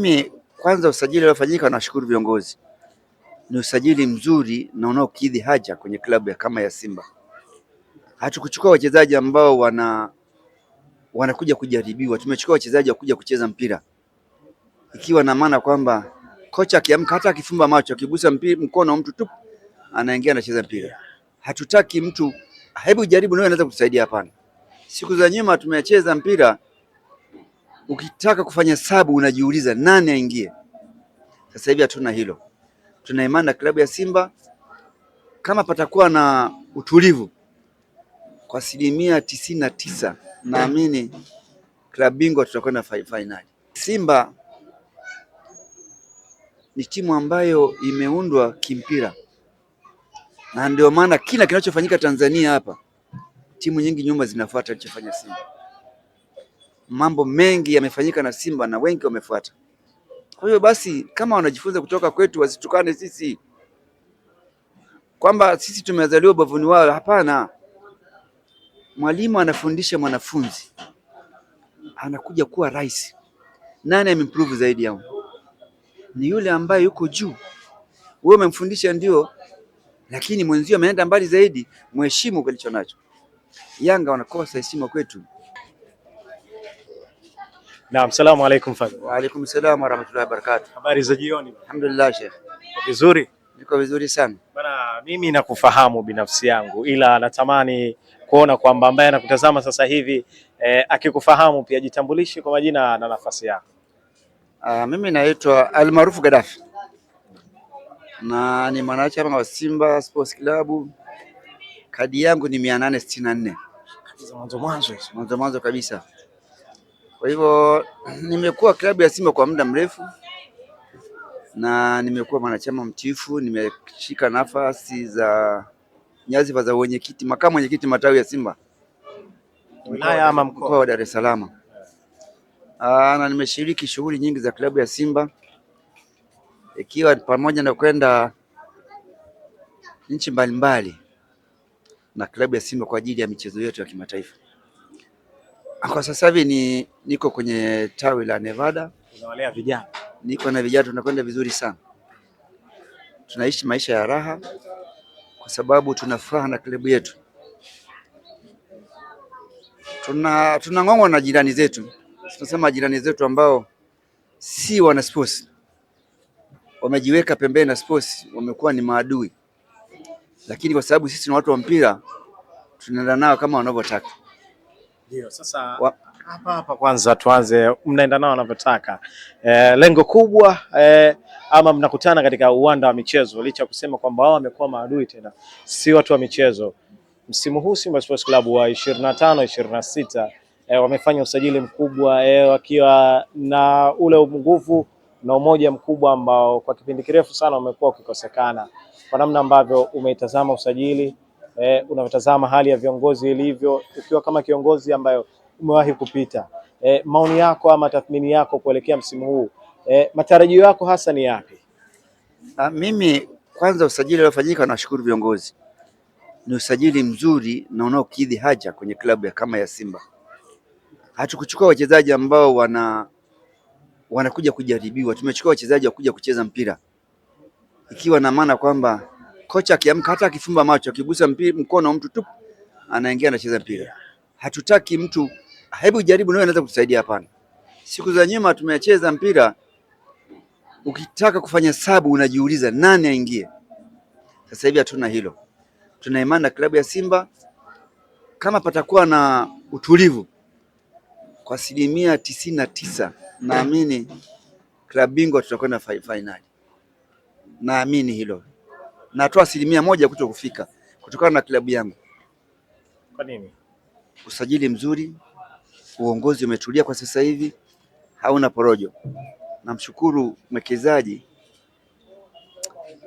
Mimi kwanza usajili uliofanyika nashukuru viongozi, ni usajili mzuri na unaokidhi haja kwenye klabu ya kama ya Simba. Hatukuchukua wachezaji ambao wana wanakuja kujaribiwa, tumechukua wachezaji wa kuja kucheza mpira, ikiwa na maana kwamba kocha akiamka, hata akifumba macho, akigusa mkono mtu tu anaingia anacheza mpira. Hatutaki mtu hebu jaribu, nawe anaweza kutusaidia. Hapana, siku za nyuma tumecheza mpira Ukitaka kufanya sabu unajiuliza nani aingie. Sasa hivi hatuna hilo, tuna imani na klabu ya Simba. Kama patakuwa na utulivu kwa asilimia tisini na tisa, naamini klabu bingwa tutakwenda fainali. Simba ni timu ambayo imeundwa kimpira, na ndio maana kila kinachofanyika Tanzania hapa, timu nyingi nyuma zinafuata alichofanya Simba mambo mengi yamefanyika na Simba na wengi wamefuata. Kwa hiyo basi, kama wanajifunza kutoka kwetu, wasitukane sisi kwamba sisi tumezaliwa ubavuni wao. Hapana, mwalimu anafundisha mwanafunzi anakuja kuwa rais. Nani amemprove zaidi yao? Ni yule ambaye yuko juu. Wewe umemfundisha ndio, lakini mwenzio ameenda mbali zaidi. Mheshimu kilicho nacho. Yanga wanakosa heshima kwetu. Naam, salamu alaykum fadhi. Wa alaykum salaam wa rahmatullahi wa barakatuh. Habari za jioni. Alhamdulillah Sheikh. Vizuri? Niko vizuri sana. Bana, mimi nakufahamu binafsi yangu ila natamani kuona kwamba ambaye anakutazama sasa hivi eh, akikufahamu pia jitambulishi kwa majina na nafasi yako. Ah, mimi naitwa Almaarufu Gaddafi na ni mwanachama wa Simba Sports Club. Kadi yangu ni mia nane za na mwanzo. mwanzo mwanzo kabisa kwa hivyo nimekuwa klabu ya Simba kwa muda mrefu na nimekuwa mwanachama mtifu nimeshika nafasi za nyadhifa za wenyekiti, makamu wenyekiti matawi ya Simba wilaya ama mkoa wa Dar es Salaam, ah, na nimeshiriki shughuli nyingi za klabu ya Simba ikiwa pamoja na kwenda nchi mbalimbali na klabu ya Simba kwa ajili ya michezo yetu ya kimataifa. Ah, kwa sasa hivi ni niko kwenye tawi la Nevada. Unawalea vijana? Niko na vijana, tunakwenda vizuri sana, tunaishi maisha ya raha kwa sababu tuna furaha na klabu yetu, tuna tunang'ongwa na jirani zetu, tunasema jirani zetu ambao si wana sports, wamejiweka pembeni na sports, wamekuwa ni maadui, lakini kwa sababu sisi ni watu wa mpira tunaenda nao kama wanavyotaka. Ndio, sasa hapa hapa kwanza tuanze, mnaenda nao wanavyotaka. E, lengo kubwa e, ama mnakutana katika uwanda wa michezo, licha ya kusema kwamba wao wamekuwa maadui, tena si watu wa michezo. Msimu huu Simba Sports Club wa ishirini na tano ishirini na sita e, wamefanya usajili mkubwa e, wakiwa na ule nguvu na umoja mkubwa ambao kwa kipindi kirefu sana umekuwa ukikosekana, kwa namna ambavyo umeitazama usajili eh, unavyotazama hali ya viongozi ilivyo, ukiwa kama kiongozi ambayo umewahi kupita eh, maoni yako ama tathmini yako kuelekea msimu huu eh, matarajio yako hasa ni yapi? Ah, mimi kwanza usajili uliofanyika nashukuru viongozi, ni usajili mzuri na unaokidhi haja kwenye klabu ya kama ya Simba. Hatukuchukua wachezaji ambao wana wanakuja kujaribiwa, tumechukua wachezaji wa kuja kucheza mpira, ikiwa na maana kwamba kocha akiamka, hata akifumba macho, akigusa mkono mtu tu anaingia anacheza mpira. Hatutaki mtu hebu jaribu nawe anaweza kutusaidia. Hapana, siku za nyuma tumecheza mpira, ukitaka kufanya sabu unajiuliza nani aingie. Sasa hivi hatuna hilo, tuna imani na klabu ya Simba. Kama patakuwa na utulivu kwa asilimia tisini na tisa, naamini klabu bingwa tutakwenda fainali, naamini hilo na toa asilimia moja kuto kufika kutokana na klabu yangu. Kwa nini? Usajili mzuri, uongozi umetulia kwa sasa hivi, hauna porojo. Namshukuru mwekezaji,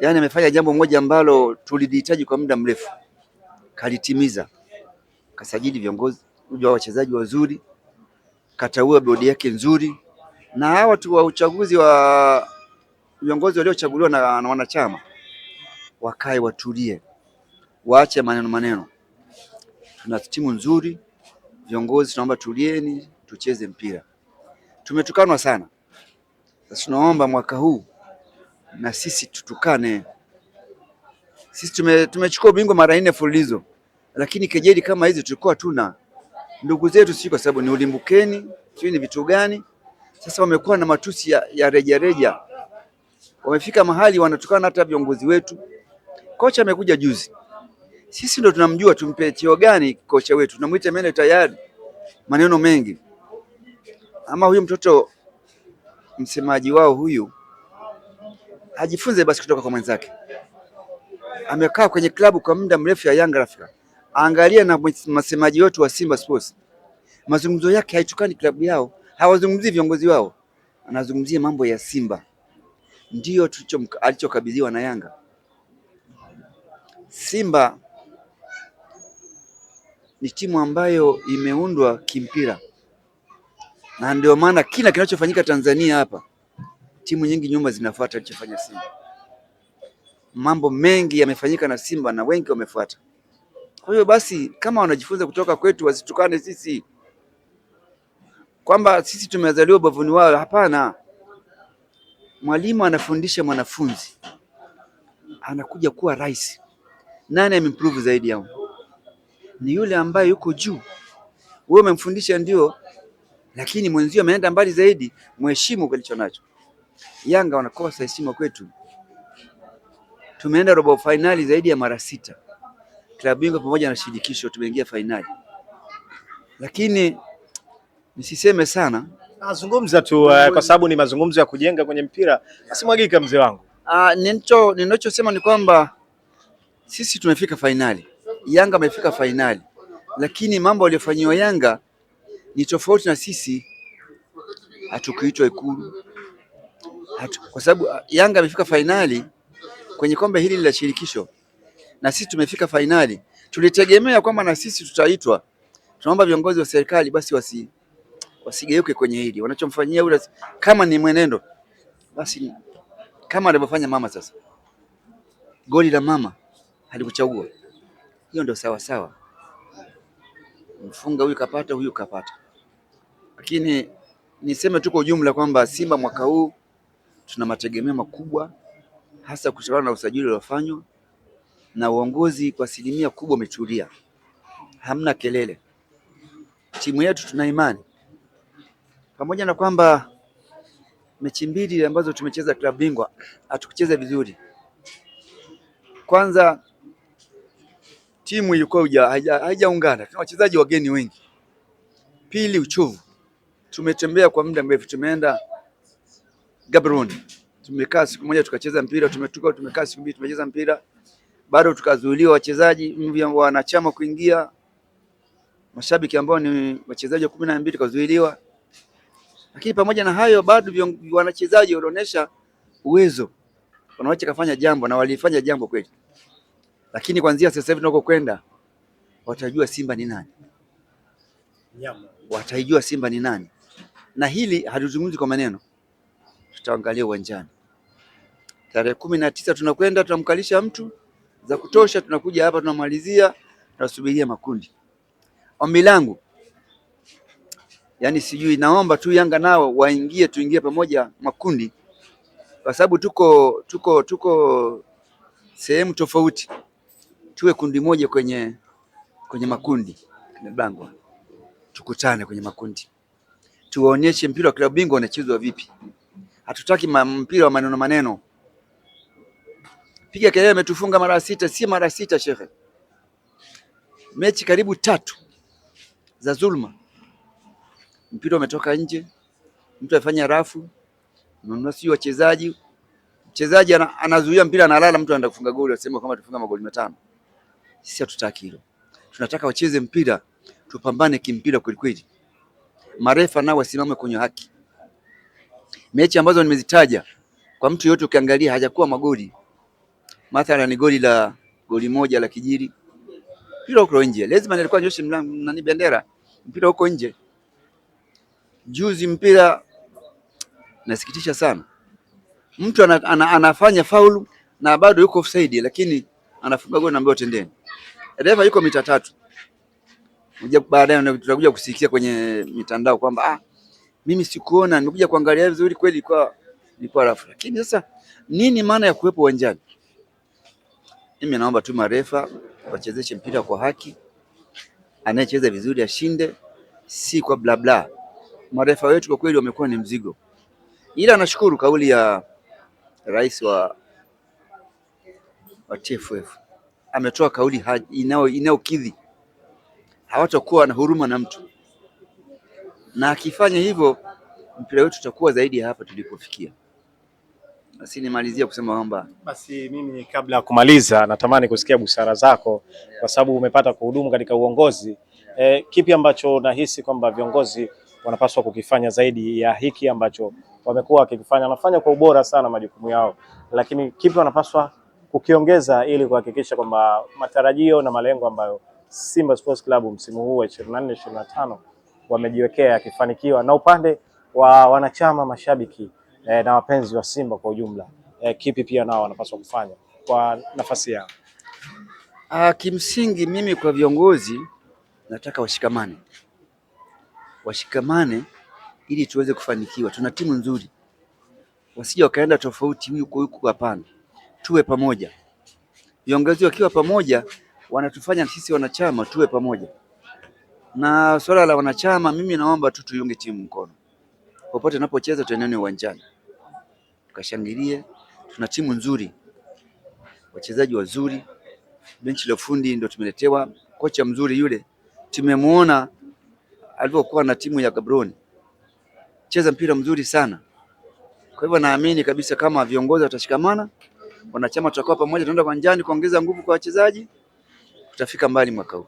yaani amefanya jambo moja ambalo tulilihitaji kwa muda mrefu, kalitimiza. Kasajili viongozi wa wachezaji wazuri, kataua bodi yake nzuri, na hawa tu wa uchaguzi wa viongozi waliochaguliwa na, na wanachama wakae watulie, waache maneno maneno. Tuna timu nzuri, viongozi tunaomba tulieni, tucheze mpira. Tumetukanwa sana, sasa tunaomba mwaka huu na sisi tutukane. Sisi tume, tumechukua ubingwa mara nne fululizo, lakini kejeli kama hizi tulikuwa tuna ndugu zetu, si kwa sababu ni ulimbukeni, sio ni vitu gani? Sasa wamekuwa na matusi ya rejareja reja. Wamefika mahali wanatukana hata viongozi wetu kocha amekuja juzi, sisi ndo tunamjua tumpe cheo gani kocha wetu, tunamuita mene tayari, maneno mengi. Ama huyu mtoto msemaji wao huyu ajifunze basi kutoka kwa mwenzake. Amekaa kwenye klabu kwa muda mrefu ya Young Africa, angalia na msemaji wetu wa Simba Sports, mazungumzo yake haitukani klabu yao, hawazungumzii viongozi wao, anazungumzia mambo ya Simba, ndiyo alichokabidhiwa na Yanga. Simba ni timu ambayo imeundwa kimpira, na ndio maana kila kinachofanyika Tanzania hapa timu nyingi nyuma zinafuata alichofanya Simba. Mambo mengi yamefanyika na Simba na wengi wamefuata. Kwa hiyo basi, kama wanajifunza kutoka kwetu, wasitukane sisi kwamba sisi tumezaliwa bavuni wao. Hapana, mwalimu anafundisha mwanafunzi anakuja kuwa rais nani ameimprove zaidi yao? Ni yule ambaye yuko juu. Wewe umemfundisha ndio, lakini mwenzio ameenda mbali zaidi, mheshimu kilicho nacho. Yanga wanakosa heshima kwetu. Tumeenda robo finali zaidi ya mara sita, klabu bingwa pamoja na shirikisho, tumeingia finali, lakini nisiseme sana, nazungumza tu uh, kwa sababu ni mazungumzo ya kujenga kwenye mpira, asimwagika mzee wangu. Uh, ninachosema ni kwamba sisi tumefika fainali, Yanga amefika fainali, lakini mambo aliyofanyiwa Yanga ni tofauti na sisi. Hatukuitwa Ikulu hatu, kwa sababu ah, Yanga amefika fainali kwenye kombe hili la shirikisho na sisi tumefika fainali. Tulitegemea kwamba na sisi tutaitwa. Tunaomba viongozi wa serikali basi wasi, wasigeuke kwenye hili wanachomfanyia ule, kama ni mwenendo basi kama alivyofanya mama. Sasa goli la mama halikuchagua. Hiyo ndio sawa sawa, mfunga huyu kapata, huyu kapata. Lakini niseme tu kwa ujumla kwamba Simba mwaka huu tuna mategemeo makubwa, hasa kutokana na usajili uliofanywa na uongozi. Kwa asilimia kubwa umetulia, hamna kelele. Timu yetu tuna imani, pamoja na kwamba mechi mbili ambazo tumecheza klabu bingwa hatukucheza vizuri. Kwanza timu ilikuwa haijaungana, tuna wachezaji wageni wengi. Pili, uchovu. Tumetembea kwa muda mrefu, tumeenda Gaborone, tumekaa siku moja tukacheza mpira, tumetuka, tumekaa siku mbili tumecheza mpira, bado tukazuiliwa wachezaji wanachama kuingia, mashabiki ambao ni wachezaji wa kumi na mbili tukazuiliwa. Lakini pamoja na hayo, bado wanachezaji walionyesha uwezo, wanawacha kafanya jambo na walifanya jambo kweli lakini kwanzia sasa hivi tunakokwenda watajua Simba ni nani, wataijua Simba ni nani. Na hili hatuzungumzi kwa maneno, tutaangalia uwanjani. Tarehe kumi na tisa tunakwenda, tunamkalisha mtu za kutosha, tunakuja hapa tunamalizia, tunasubiria makundi. Ombi langu yani, sijui, naomba tu Yanga nao waingie, tuingie pamoja makundi, kwa sababu tuko tuko tuko sehemu tofauti tuwe kundi moja kwenye, kwenye makundi mebangwa, tukutane kwenye makundi, tuwaonyeshe mpira wa klabu bingwa unachezwa vipi. Hatutaki mpira wa maneno maneno, piga kelele. Ametufunga mara sita, si mara sita shekhe, mechi karibu tatu za zulma, mpira umetoka nje, mtu afanya rafu nanua sio wachezaji, mchezaji anazuia mpira analala, mtu anaenda kufunga goli, wasema kama tufunga magoli matano. Sisi hatutaki hilo, tunataka wacheze mpira, tupambane kimpira kwelikweli, marefa nao wasimame kwenye haki. Mechi ambazo nimezitaja kwa mtu yote, ukiangalia hajakuwa magoli, mathala, ni goli la goli moja la kijiri, mpira uko nje. Lazima nilikuwa nyoshe mlango na ni bendera, mpira uko nje. Juzi mpira nasikitisha sana, mtu ana, ana, anafanya faulu na bado yuko offside, lakini anafunga goli na mbio tendeni dereva yuko mita tatu. Baadaye tutakuja kusikia kwenye mitandao kwamba ah, mimi sikuona, nimekuja kuangalia vizuri, kweli kwa ilikuwa rafu. Lakini sasa nini maana ya kuwepo uwanjani? Mimi naomba tu marefa wachezeshe mpira kwa haki, anayecheza vizuri ashinde, si kwa bla bla. Marefa wetu kwa kweli wamekuwa ni mzigo, ila nashukuru kauli ya rais wa, wa TFF ametoa kauli inayokidhi, hawatakuwa na huruma na mtu, na akifanya hivyo mpira wetu utakuwa zaidi ya hapa tulipofikia. Basi nimalizia kusema kwamba basi, mimi kabla ya kumaliza, natamani kusikia busara zako, kwa sababu umepata kuhudumu katika uongozi e, kipi ambacho nahisi kwamba viongozi wanapaswa kukifanya zaidi ya hiki ambacho wamekuwa wakikifanya? Wanafanya kwa ubora sana majukumu yao, lakini kipi wanapaswa kukiongeza ili kuhakikisha kwamba matarajio na malengo ambayo Simba Sports Club msimu huu wa 24 25 wamejiwekea yakifanikiwa, na upande wa wanachama, mashabiki eh, na wapenzi wa Simba kwa ujumla eh, kipi pia nao wanapaswa kufanya kwa nafasi yao? Uh, kimsingi mimi kwa viongozi nataka washikamane, washikamane ili tuweze kufanikiwa. Tuna timu nzuri, wasije wakaenda tofauti, huyu kwa hapana tuwe pamoja. Viongozi wakiwa pamoja, wanatufanya sisi wanachama tuwe pamoja. Na swala la wanachama, mimi naomba tu tuiunge timu mkono, popote tunapocheza, tuendeni uwanjani tukashangilie. Tuna timu nzuri, wachezaji wazuri, benchi la ufundi ndio tumeletewa kocha mzuri yule, tumemuona alivyokuwa na timu ya Gabroni, cheza mpira mzuri sana. Kwa hivyo naamini kabisa kama viongozi watashikamana wanachama tutakuwa pamoja, tunaenda uwanjani kuongeza nguvu kwa wachezaji, tutafika mbali mwaka huu.